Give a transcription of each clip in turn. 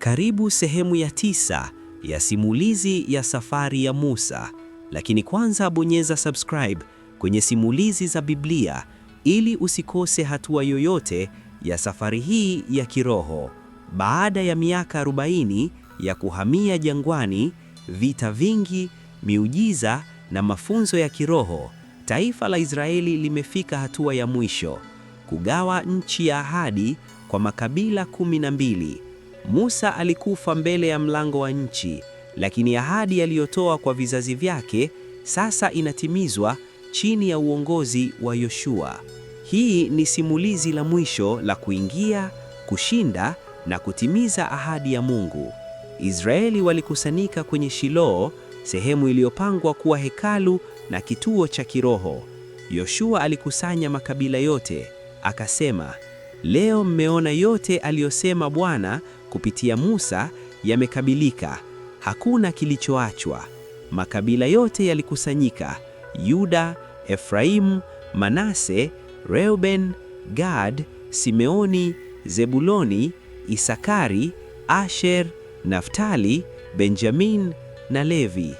Karibu sehemu ya tisa ya simulizi ya safari ya Musa, lakini kwanza bonyeza subscribe kwenye simulizi za Biblia ili usikose hatua yoyote ya safari hii ya kiroho. Baada ya miaka 40 ya kuhamia jangwani, vita vingi, miujiza na mafunzo ya kiroho, taifa la Israeli limefika hatua ya mwisho, kugawa nchi ya ahadi kwa makabila kumi na mbili Musa alikufa mbele ya mlango wa nchi, lakini ahadi aliyotoa kwa vizazi vyake sasa inatimizwa chini ya uongozi wa Yoshua. Hii ni simulizi la mwisho la kuingia, kushinda na kutimiza ahadi ya Mungu. Israeli walikusanyika kwenye Shiloh, sehemu iliyopangwa kuwa hekalu na kituo cha kiroho. Yoshua alikusanya makabila yote, akasema, "Leo mmeona yote aliyosema Bwana kupitia Musa yamekabilika, hakuna kilichoachwa. Makabila yote yalikusanyika: Yuda, Efraimu, Manase, Reuben, Gad, Simeoni, Zebuloni, Isakari, Asher, Naftali, Benjamin na Levi.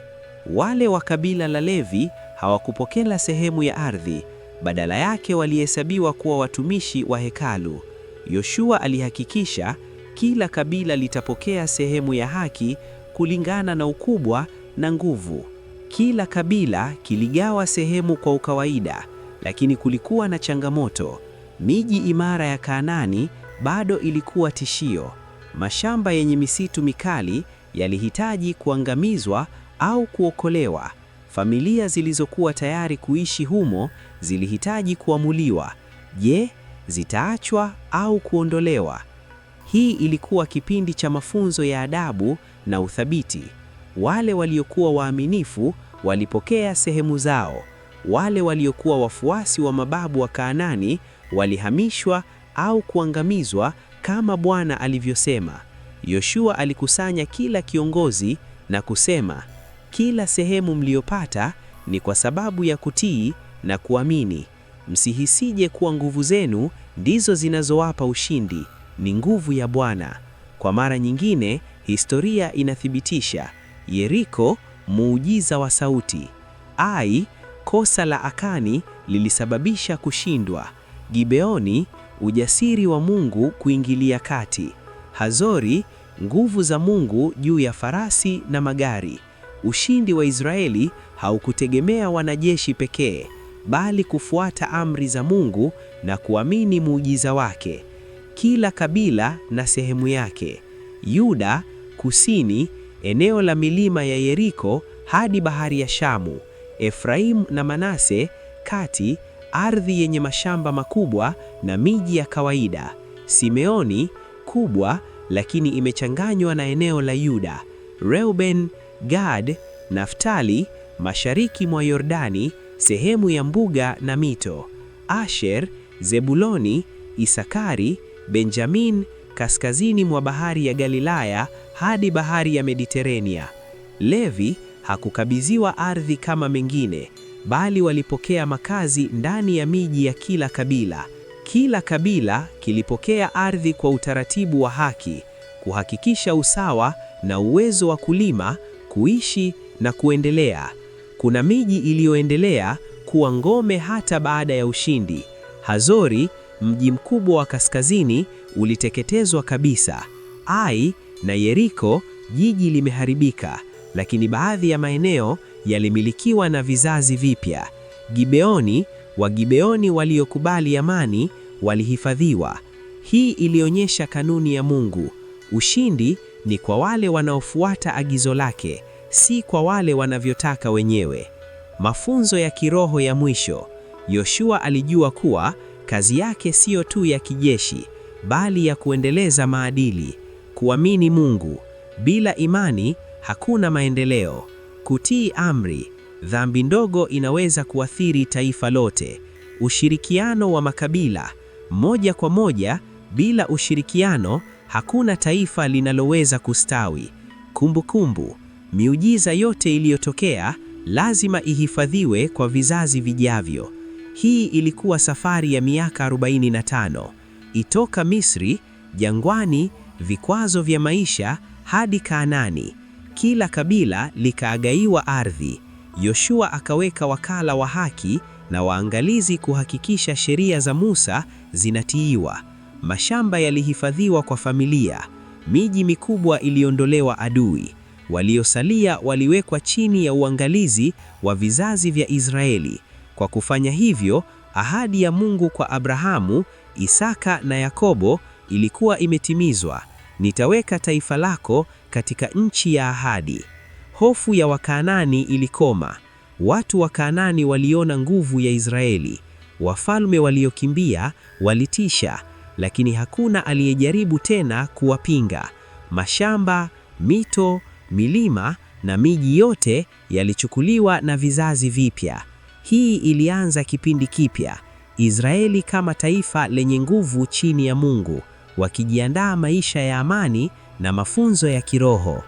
Wale wa kabila la Levi hawakupokea sehemu ya ardhi, badala yake walihesabiwa kuwa watumishi wa hekalu. Yoshua alihakikisha kila kabila litapokea sehemu ya haki kulingana na ukubwa na nguvu. Kila kabila kiligawa sehemu kwa ukawaida, lakini kulikuwa na changamoto. Miji imara ya Kanaani bado ilikuwa tishio. Mashamba yenye misitu mikali yalihitaji kuangamizwa au kuokolewa. Familia zilizokuwa tayari kuishi humo zilihitaji kuamuliwa. Je, zitaachwa au kuondolewa? Hii ilikuwa kipindi cha mafunzo ya adabu na uthabiti. Wale waliokuwa waaminifu walipokea sehemu zao, wale waliokuwa wafuasi wa mababu wa kaanani walihamishwa au kuangamizwa kama Bwana alivyosema. Yoshua alikusanya kila kiongozi na kusema, kila sehemu mliyopata ni kwa sababu ya kutii na kuamini. Msihisije kuwa nguvu zenu ndizo zinazowapa ushindi ni nguvu ya Bwana. Kwa mara nyingine, historia inathibitisha Yeriko, muujiza wa sauti; Ai, kosa la Akani lilisababisha kushindwa; Gibeoni, ujasiri wa Mungu kuingilia kati; Hazori, nguvu za Mungu juu ya farasi na magari. Ushindi wa Israeli haukutegemea wanajeshi pekee, bali kufuata amri za Mungu na kuamini muujiza wake kila kabila na sehemu yake: Yuda kusini, eneo la milima ya Yeriko hadi bahari ya Shamu, Efraimu na Manase kati, ardhi yenye mashamba makubwa na miji ya kawaida, Simeoni kubwa lakini imechanganywa na eneo la Yuda, Reuben, Gad, Naftali mashariki mwa Yordani, sehemu ya mbuga na mito, Asher, Zebuloni, Isakari Benjamin kaskazini mwa bahari ya Galilaya hadi bahari ya Mediterania. Levi hakukabidhiwa ardhi kama mengine, bali walipokea makazi ndani ya miji ya kila kabila. Kila kabila kilipokea ardhi kwa utaratibu wa haki, kuhakikisha usawa na uwezo wa kulima, kuishi na kuendelea. Kuna miji iliyoendelea kuwa ngome hata baada ya ushindi. Hazori mji mkubwa wa kaskazini uliteketezwa kabisa. Ai na Yeriko, jiji limeharibika, lakini baadhi ya maeneo yalimilikiwa na vizazi vipya. Gibeoni, Wagibeoni waliokubali amani walihifadhiwa. Hii ilionyesha kanuni ya Mungu: ushindi ni kwa wale wanaofuata agizo lake, si kwa wale wanavyotaka wenyewe. Mafunzo ya kiroho ya mwisho: Yoshua alijua kuwa Kazi yake siyo tu ya kijeshi, bali ya kuendeleza maadili, kuamini Mungu. Bila imani hakuna maendeleo. Kutii amri, dhambi ndogo inaweza kuathiri taifa lote. Ushirikiano wa makabila, moja kwa moja, bila ushirikiano hakuna taifa linaloweza kustawi. Kumbukumbu kumbu, miujiza yote iliyotokea lazima ihifadhiwe kwa vizazi vijavyo. Hii ilikuwa safari ya miaka 45 itoka Misri, jangwani, vikwazo vya maisha hadi Kaanani. Kila kabila likaagaiwa ardhi. Yoshua akaweka wakala wa haki na waangalizi kuhakikisha sheria za Musa zinatiiwa. Mashamba yalihifadhiwa kwa familia, miji mikubwa iliondolewa adui. Waliosalia waliwekwa chini ya uangalizi wa vizazi vya Israeli. Kwa kufanya hivyo, ahadi ya Mungu kwa Abrahamu, Isaka na Yakobo ilikuwa imetimizwa. Nitaweka taifa lako katika nchi ya ahadi. Hofu ya Wakanaani ilikoma. Watu wa Kanaani waliona nguvu ya Israeli. Wafalme waliokimbia walitisha, lakini hakuna aliyejaribu tena kuwapinga. Mashamba, mito, milima na miji yote yalichukuliwa na vizazi vipya. Hii ilianza kipindi kipya, Israeli kama taifa lenye nguvu chini ya Mungu, wakijiandaa maisha ya amani na mafunzo ya kiroho.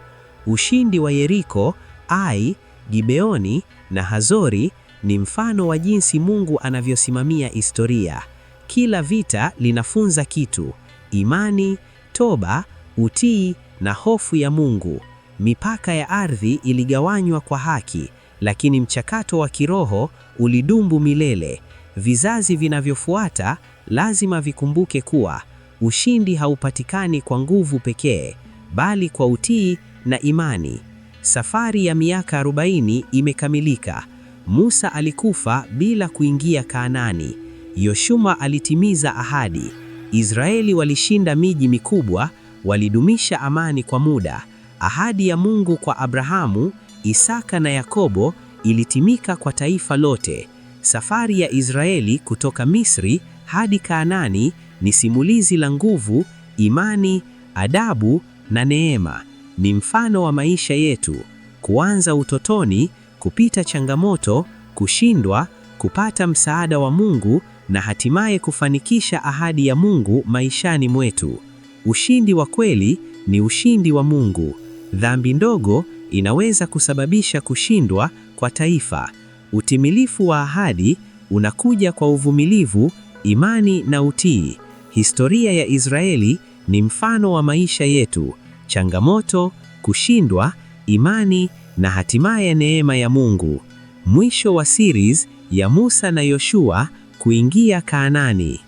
Ushindi wa Yeriko, Ai, Gibeoni na Hazori ni mfano wa jinsi Mungu anavyosimamia historia. Kila vita linafunza kitu: imani, toba, utii na hofu ya Mungu. Mipaka ya ardhi iligawanywa kwa haki, lakini mchakato wa kiroho ulidumbu milele. Vizazi vinavyofuata lazima vikumbuke kuwa ushindi haupatikani kwa nguvu pekee, bali kwa utii na imani. Safari ya miaka 40 imekamilika. Musa alikufa bila kuingia Kaanani. Yoshua alitimiza ahadi. Israeli walishinda miji mikubwa, walidumisha amani kwa muda. Ahadi ya Mungu kwa Abrahamu Isaka na Yakobo ilitimika kwa taifa lote. Safari ya Israeli kutoka Misri hadi Kaanani ni simulizi la nguvu, imani, adabu na neema. Ni mfano wa maisha yetu, kuanza utotoni, kupita changamoto, kushindwa, kupata msaada wa Mungu na hatimaye kufanikisha ahadi ya Mungu maishani mwetu. Ushindi wa kweli ni ushindi wa Mungu. Dhambi ndogo inaweza kusababisha kushindwa kwa taifa. Utimilifu wa ahadi unakuja kwa uvumilivu, imani na utii. Historia ya Israeli ni mfano wa maisha yetu: changamoto, kushindwa, imani na hatimaye neema ya Mungu. Mwisho wa series ya Musa na Yoshua kuingia Kaanani.